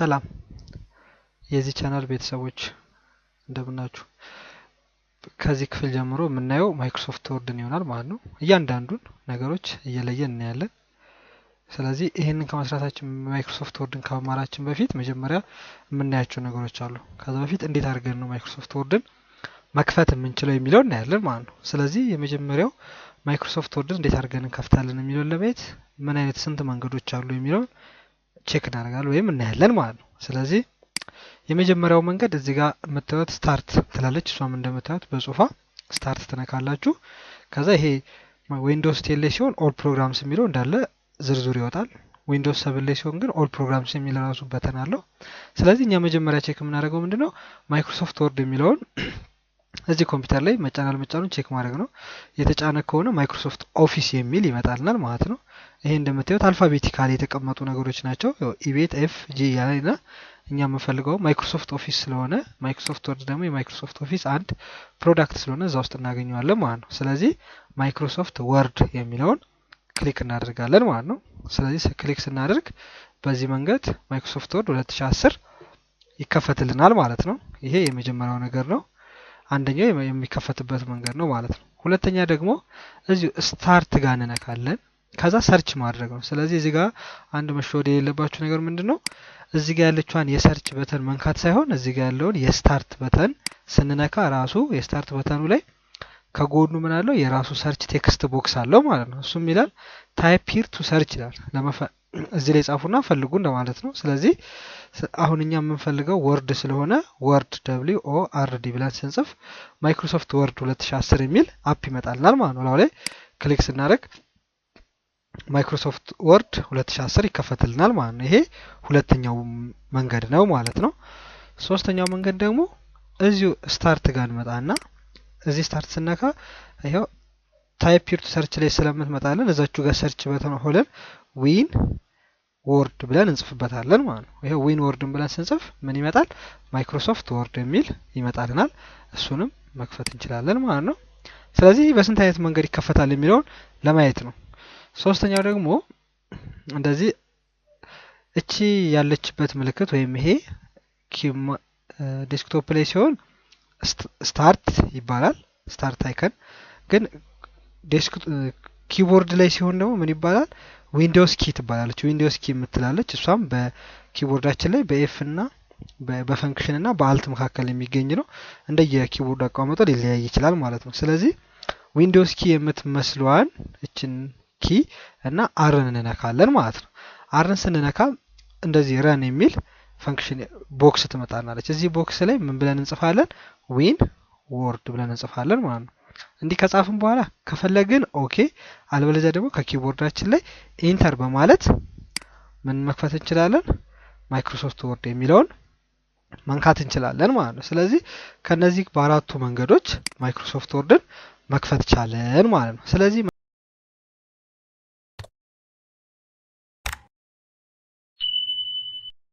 ሰላም የዚህ ቻናል ቤተሰቦች እንደምናችሁ። ከዚህ ክፍል ጀምሮ የምናየው ማይክሮሶፍት ወርድን ይሆናል ማለት ነው። እያንዳንዱን ነገሮች እየለየን እናያለን። ስለዚህ ይህንን ከመስራታችን ማይክሮሶፍት ወርድን ከመማራችን በፊት መጀመሪያ የምናያቸው ነገሮች አሉ። ከዛ በፊት እንዴት አድርገን ነው ማይክሮሶፍት ወርድን መክፈት የምንችለው የሚለው እናያለን ማለት ነው። ስለዚህ የመጀመሪያው ማይክሮሶፍት ወርድን እንዴት አድርገን እንከፍታለን የሚለውን ለማየት ምን አይነት ስንት መንገዶች አሉ የሚለውን ቼክ እናደርጋለን ወይም እናያለን ማለት ነው። ስለዚህ የመጀመሪያው መንገድ እዚህ ጋር የምታዩት ስታርት ትላለች። እሷም እንደምታዩት በጽሁፋ ስታርት ትነካላችሁ። ከዛ ይሄ ዊንዶውስ ቴን ላይ ሲሆን ኦል ፕሮግራምስ የሚለው እንዳለ ዝርዝሩ ይወጣል። ዊንዶውስ ሰብን ላይ ሲሆን ግን ኦል ፕሮግራምስ የሚል ራሱ በተን አለው። ስለዚህ እኛ መጀመሪያ ቼክ የምናደርገው ምንድነው ማይክሮሶፍት ወርድ የሚለውን እዚህ ኮምፒውተር ላይ መጫን አልመጫኑን ቼክ ማድረግ ነው። የተጫነ ከሆነ ማይክሮሶፍት ኦፊስ የሚል ይመጣልናል ማለት ነው። ይሄ እንደምታዩት አልፋቤቲካል የተቀመጡ ነገሮች ናቸው። ኢቤት ኤፍ ጂ እያለ እና እኛ የምንፈልገው ማይክሮሶፍት ኦፊስ ስለሆነ ማይክሮሶፍት ወርድ ደግሞ የማይክሮሶፍት ኦፊስ አንድ ፕሮዳክት ስለሆነ እዛ ውስጥ እናገኘዋለን ማለት ነው። ስለዚህ ማይክሮሶፍት ወርድ የሚለውን ክሊክ እናደርጋለን ማለት ነው። ስለዚህ ክሊክ ስናደርግ በዚህ መንገድ ማይክሮሶፍት ወርድ 2010 ይከፈትልናል ማለት ነው። ይሄ የመጀመሪያው ነገር ነው። አንደኛው የሚከፈትበት መንገድ ነው ማለት ነው። ሁለተኛ ደግሞ እዚሁ ስታርት ጋር እንነካለን። ከዛ ሰርች ማድረግ ነው። ስለዚህ እዚህ ጋር አንድ መሸወድ የሌለባችሁ ነገር ምንድን ነው? እዚህ ጋር ያለችዋን የሰርች በተን መንካት ሳይሆን እዚህ ጋር ያለውን የስታርት በተን ስንነካ ራሱ የስታርት በተኑ ላይ ከጎኑ ምን አለው የራሱ ሰርች ቴክስት ቦክስ አለው ማለት ነው። እሱም ይላል ታይፕ ሂር ቱ ሰርች ይላል እዚህ ላይ ጻፉና ፈልጉ እንደማለት ነው። ስለዚህ አሁን እኛ የምንፈልገው ወርድ ስለሆነ ወርድ ደብሊው ኦ አር ዲ ብለን ስንጽፍ ማይክሮሶፍት ወርድ 2010 የሚል አፕ ይመጣልናል ማለት ነው። ላው ላይ ክሊክ ስናደርግ ማይክሮሶፍት ወርድ 2010 ይከፈትልናል ማለት ነው። ይሄ ሁለተኛው መንገድ ነው ማለት ነው። ሶስተኛው መንገድ ደግሞ እዚሁ ስታርት ጋር እንመጣና እዚህ ስታርት ስነካ ይኸው ታይፕ ዩር ሰርች ላይ ስለምትመጣለን እዛችሁ ጋር ሰርች በተሆነን ዊን ወርድ ብለን እንጽፍበታለን ማለት ነው። ይሄ ዊን ወርድን ብለን ስንጽፍ ምን ይመጣል? ማይክሮሶፍት ወርድ የሚል ይመጣልናል። እሱንም መክፈት እንችላለን ማለት ነው። ስለዚህ በስንት አይነት መንገድ ይከፈታል የሚለውን ለማየት ነው። ሶስተኛው ደግሞ እንደዚህ እቺ ያለችበት ምልክት ወይም ይሄ ዴስክቶፕ ላይ ሲሆን ስታርት ይባላል። ስታርት አይከን ግን ኪቦርድ ላይ ሲሆን ደግሞ ምን ይባላል? ዊንዶውስ ኪ ትባላለች። ዊንዶውስ ኪ የምትላለች እሷም በኪቦርዳችን ላይ በኤፍ እና በፈንክሽን እና በአልት መካከል የሚገኝ ነው። እንደ የኪቦርድ አቋመጠ ሊለያይ ይችላል ማለት ነው። ስለዚህ ዊንዶውስ ኪ የምትመስለዋን እችን ኪ እና አርን እንነካለን ማለት ነው። አርን ስንነካ እንደዚህ ረን የሚል ፈንክሽን ቦክስ ትመጣናለች። እዚህ ቦክስ ላይ ምን ብለን እንጽፋለን? ዊን ወርድ ብለን እንጽፋለን ማለት ነው። እንዲህ ከጻፍን በኋላ ከፈለግን ኦኬ፣ አልበለዚያ ደግሞ ከኪቦርዳችን ላይ ኢንተር በማለት ምን መክፈት እንችላለን? ማይክሮሶፍት ወርድ የሚለውን መንካት እንችላለን ማለት ነው። ስለዚህ ከነዚህ በአራቱ መንገዶች ማይክሮሶፍት ወርድን መክፈት ቻለን ማለት ነው። ስለዚህ